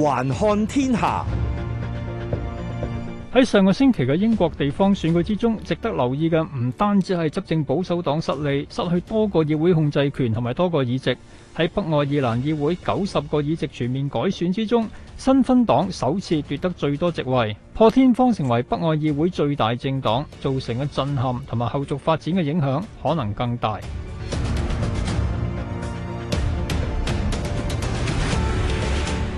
環看天下。喺上個星期嘅英國地方選舉之中，值得留意嘅唔單止係執政保守黨失利，失去多個議會控制權同埋多個議席。喺北愛爾蘭議會九十個議席全面改選之中，新芬黨首次奪得最多席位，破天荒成為北愛議會最大政黨，造成嘅震撼同埋後續發展嘅影響可能更大。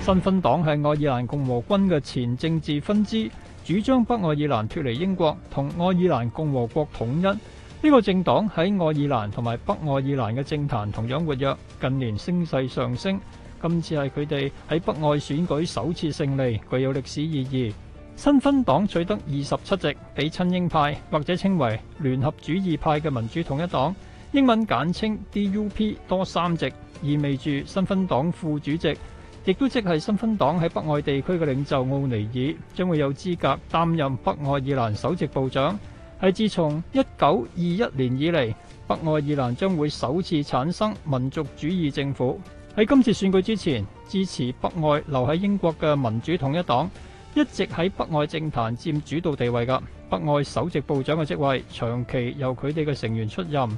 新芬黨係愛爾蘭共和軍嘅前政治分支，主張北愛爾蘭脫離英國同愛爾蘭共和國統一。呢個政黨喺愛爾蘭同埋北愛爾蘭嘅政壇同樣活躍，近年聲勢上升。今次係佢哋喺北愛選舉首次勝利，具有歷史意義。新芬黨取得二十七席，比親英派或者稱為聯合主義派嘅民主統一黨（英文簡稱 DUP） 多三席，意味住新芬黨副主席。亦都即係新芬黨喺北愛地區嘅領袖奧尼爾，將會有資格擔任北愛爾蘭首席部長。係自從一九二一年以嚟，北愛爾蘭將會首次產生民族主義政府。喺今次選舉之前，支持北愛留喺英國嘅民主統一黨一直喺北愛政壇佔主導地位噶。北愛首席部長嘅職位長期由佢哋嘅成員出任。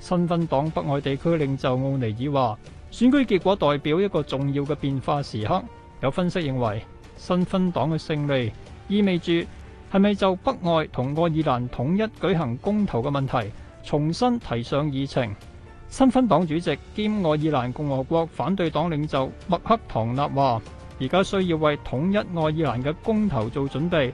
新芬黨北愛地區領袖奧尼爾話。選舉結果代表一個重要嘅變化時刻，有分析認為新芬黨嘅勝利意味住係咪就北愛同愛爾蘭統一舉行公投嘅問題重新提上議程。新芬黨主席兼愛爾蘭共和國反對黨領袖麥克唐納話，而家需要為統一愛爾蘭嘅公投做準備。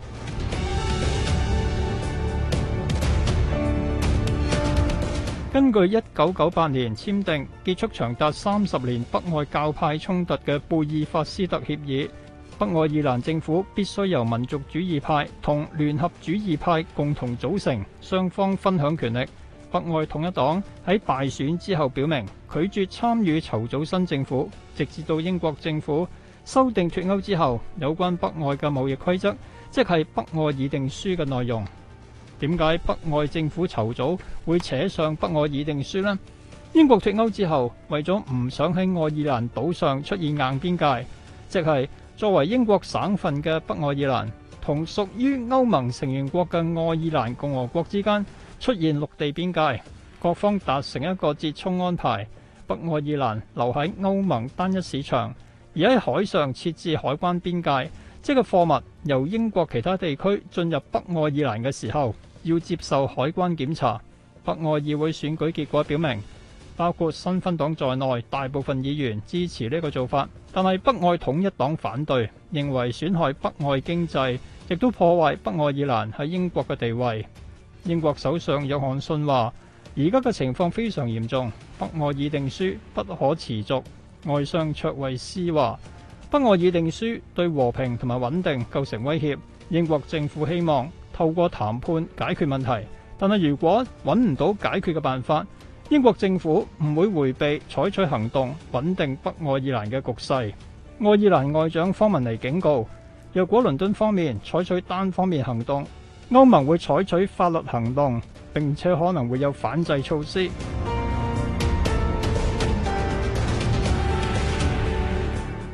根據1998年簽訂、結束長達三十年北愛教派衝突嘅《貝爾法斯特協議》，北愛爾蘭政府必須由民族主義派同聯合主義派共同組成，雙方分享權力。北愛統一黨喺敗選之後表明拒絕參與籌組新政府，直至到英國政府修訂脫歐之後有關北愛嘅貿易規則，即係北愛議定書嘅內容。點解北愛政府籌組會扯上北愛議定書呢？英國脫歐之後，為咗唔想喺愛爾蘭島上出現硬邊界，即係作為英國省份嘅北愛爾蘭同屬於歐盟成員國嘅愛爾蘭共和國之間出現陸地邊界，各方達成一個折衷安排：北愛爾蘭留喺歐盟單一市場，而喺海上設置海關邊界，即係貨物由英國其他地區進入北愛爾蘭嘅時候，要接受海關檢查。北愛議會選舉結果表明，包括新芬黨在內大部分議員支持呢個做法，但係北愛統一黨反對，認為損害北愛經濟亦都破壞北愛爾蘭喺英國嘅地位。英國首相約翰遜話，而家嘅情況非常嚴重，北愛議定書不可持續。外相卓慧思話，北愛議定書對和平同埋穩定構成威脅，英國政府希望。透過談判解決問題，但係如果揾唔到解決嘅辦法，英國政府唔會回避採取行動，穩定北愛爾蘭嘅局勢。愛爾蘭外長方文尼警告，若果倫敦方面採取單方面行動，歐盟會採取法律行動，並且可能會有反制措施。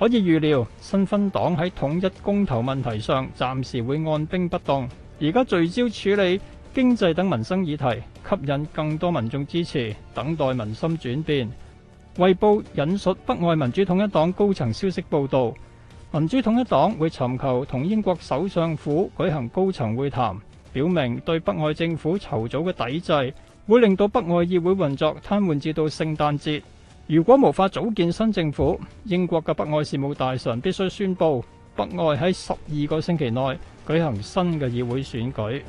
可以預料，新芬黨喺統一公投問題上暫時會按兵不動，而家聚焦處理經濟等民生議題，吸引更多民眾支持，等待民心轉變。衛報引述北愛民主統一黨高層消息報道，民主統一黨會尋求同英國首相府舉行高層會談，表明對北愛政府籌組嘅抵制會令到北愛議會運作癱瘓至到聖誕節。如果無法組建新政府，英國嘅北愛事務大臣必須宣布北愛喺十二個星期內舉行新嘅議會選舉。